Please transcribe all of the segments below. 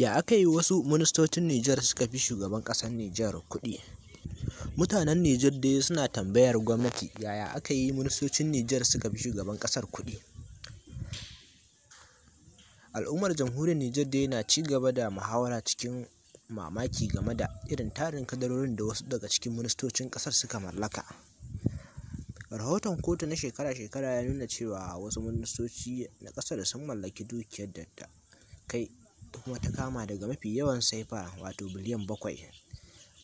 ya aka yi wasu ministocin Nijar suka fi shugaban ƙasar Nijar kuɗi mutanen Nijar dai suna tambayar gwamnati yaya aka yi ministocin Nijar suka fi shugaban ƙasar kuɗi al'ummar jamhuriyar Nijar dai na ci gaba da muhawara cikin mamaki game da irin tarin kadarorin da wasu daga cikin ministocin ƙasar suka mallaka rahoton kotu na shekara-shekara ya nuna cewa wasu ministoci na ƙasar sun mallaki dukiyar da kai kuma ta kama daga mafi yawan saifa wato biliyan bakwai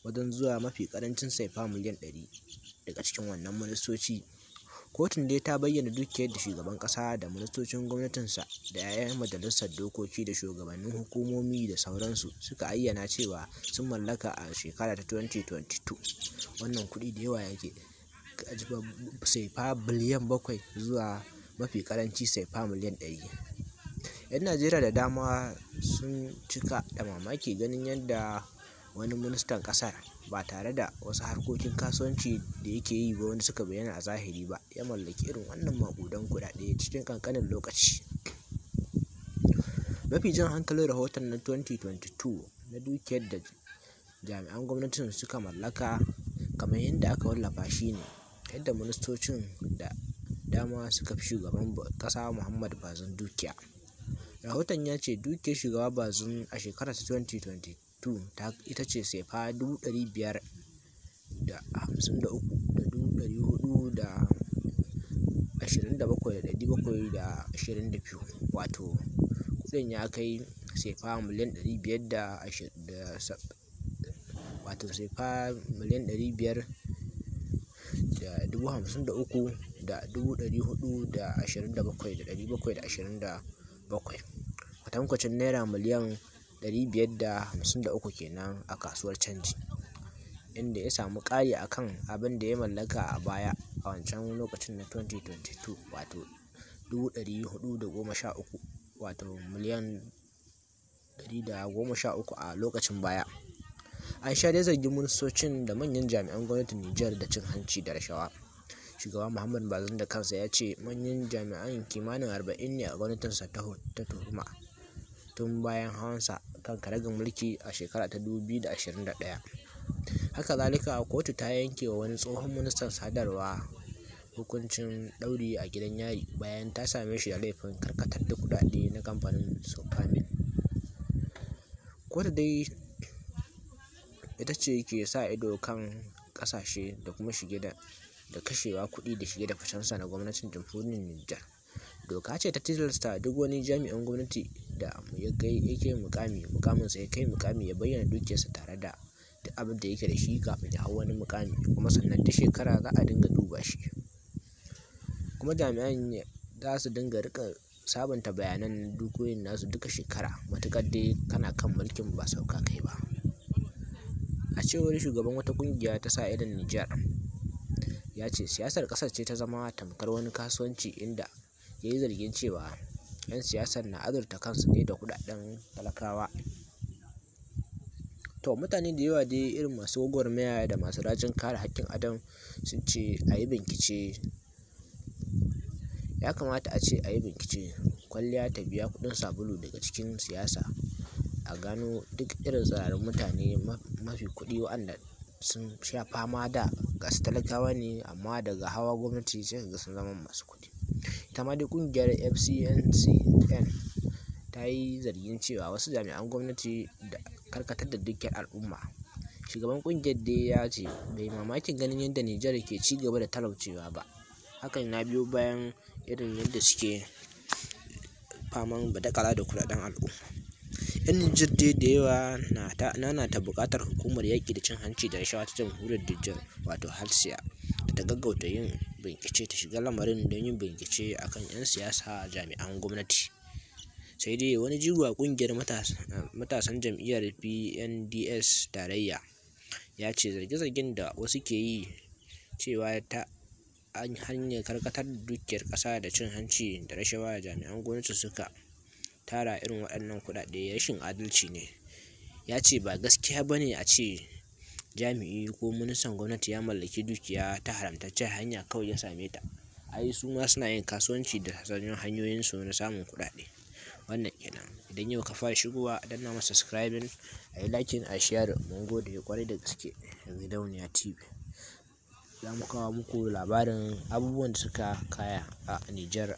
wajen zuwa mafi karancin saifa miliyan ɗari daga cikin wannan ministoci kotun dai ta bayyana dukiyar da shugaban kasa da ministocin gwamnatinsa da 'ya'yan majalisar dokoki da shugabannin hukumomi da sauransu suka ayyana cewa sun mallaka a shekara ta 2022 wannan kuɗi da yawa yake saifa biliyan bakwai zuwa mafi karanci saifa miliyan ɗari 'yan najeriya da dama sun cika da mamaki ganin yadda wani ministan kasar ba tare da wasu harkokin kasuwanci da yake yi ba wanda suka bayyana a zahiri ba ya mallaki irin wannan makudan kudade cikin kankanin lokaci mafi jan hankalin rahoton na 2022 na dukiyar da jami'an gwamnatin suka mallaka kamar yadda aka wallafa shi ne yadda ministocin da dama suka fi shugaban kasa muhammad bazin dukiya rahoton ya ce dukiyar shugaba bazum a shekarar 2022 ta ita ce sefa 553,427,722 wato kudin ya kai sefa miliyan 500,000 wato sefa miliyan 500 da dubu hamsin da uku da dubu ɗari hudu da ashirin da bakwai da ɗari bakwai da ashirin da bakwai kwatankwacin naira miliyan ɗari kenan a kasuwar canji inda ya samu ƙari kan abin da ya mallaka a baya a wancan lokacin na 2022 wato 413 wato miliyan 113 a lokacin baya an sha dai zargin ministocin da manyan jami'an gwamnatin Nijar da cin hanci da rashawa shugaban Muhammad Bazum da kansa ya ce manyan jami'an kimanin arba'in ne a gwamnatinsa ta tuhuma tun bayan hawansa kan karagin mulki a shekara ta 2021. Haka zalika kotu ta yanke wa wani tsohon ministan sadarwa hukuncin ɗauri a gidan yari bayan ta same shi da laifin karkatar da kudade na kamfanin Sofamin. Kotu dai ita ce ke sa ido kan kasashe da kuma shige da da kashewa kuɗi da shige da ficensa na gwamnatin jamhuriyar Nijar. Doka ce ta tilasta duk wani jami'in gwamnati da ya kai yake mukami mukaminsa ya kai mukami ya bayyana dukiyarsa tare da duk abin da yake da shi kafin ya hau wani mukami kuma sannan duk shekara za a dinga duba shi. Kuma jami'an za su dinga rika sabunta bayanan dukiyoyin nasu duka shekara matukar dai kana kan mulkin ba sauka kai ba. a cewar shugaban wata kungiya ta sa idan Nijar ya ce siyasar ƙasar ce ta zama tamkar wani kasuwanci inda ya yi zargin cewa 'yan siyasar na azurta kansu ne da kudaden talakawa to mutane da yawa dai irin masu gwagwarmaya da masu rajin kare haƙƙin adam sun ce a yi binkice ya kamata a ce a yi bincike kwalliya ta biya kudin sabulu daga cikin siyasa a gano duk irin tsirarin mutane mafi kuɗi waɗanda sun sha fama da gasu talakawa ne amma daga hawa gwamnati sai ga sun zama masu kuɗi ita ma dai n fcncn ta yi zargin cewa wasu jami'an gwamnati da karkatar da dukkan al'umma shugaban ƙungiyar dai ya ce bai mamakin ganin yadda nijar ke ci gaba da talaucewa ba hakan na biyo bayan irin yadda suke faman badakala da kudaden al'umma 'yan jirgi da yawa na ta buƙatar Hukumar Yaƙi da Cin Hanci da Rashawa ta Jamhuriyar Nijar wato (halsiya) da ta gaggauta yin bincike ta shiga lamarin don yin bincike a kan 'yan siyasa a jami'an gwamnati. Sai dai wani jigo a ƙungiyar matasan jam'iyyar PNDS tarayya ya ce zarge-zargen da wasu ke yi cewa ta hanyar karkatar da dukiyar ƙasa da cin hanci da rashawa jami'an gwamnati suka tara irin waɗannan kuɗaɗe rashin adalci ne ya ce ba gaskiya ba ne a ce jami'i ko ministan gwamnati ya mallaki dukiya ta haramtaccen hanya kawai ya same ta ai su ma suna yin kasuwanci da hanyoyin su na samun kuɗaɗe wannan kenan idan yau ka fara shigowa a danna masa subscribing a yi liking a share mun gode kwarai da gaske gidauniya tv za mu kawo muku labarin abubuwan da suka kaya a nijar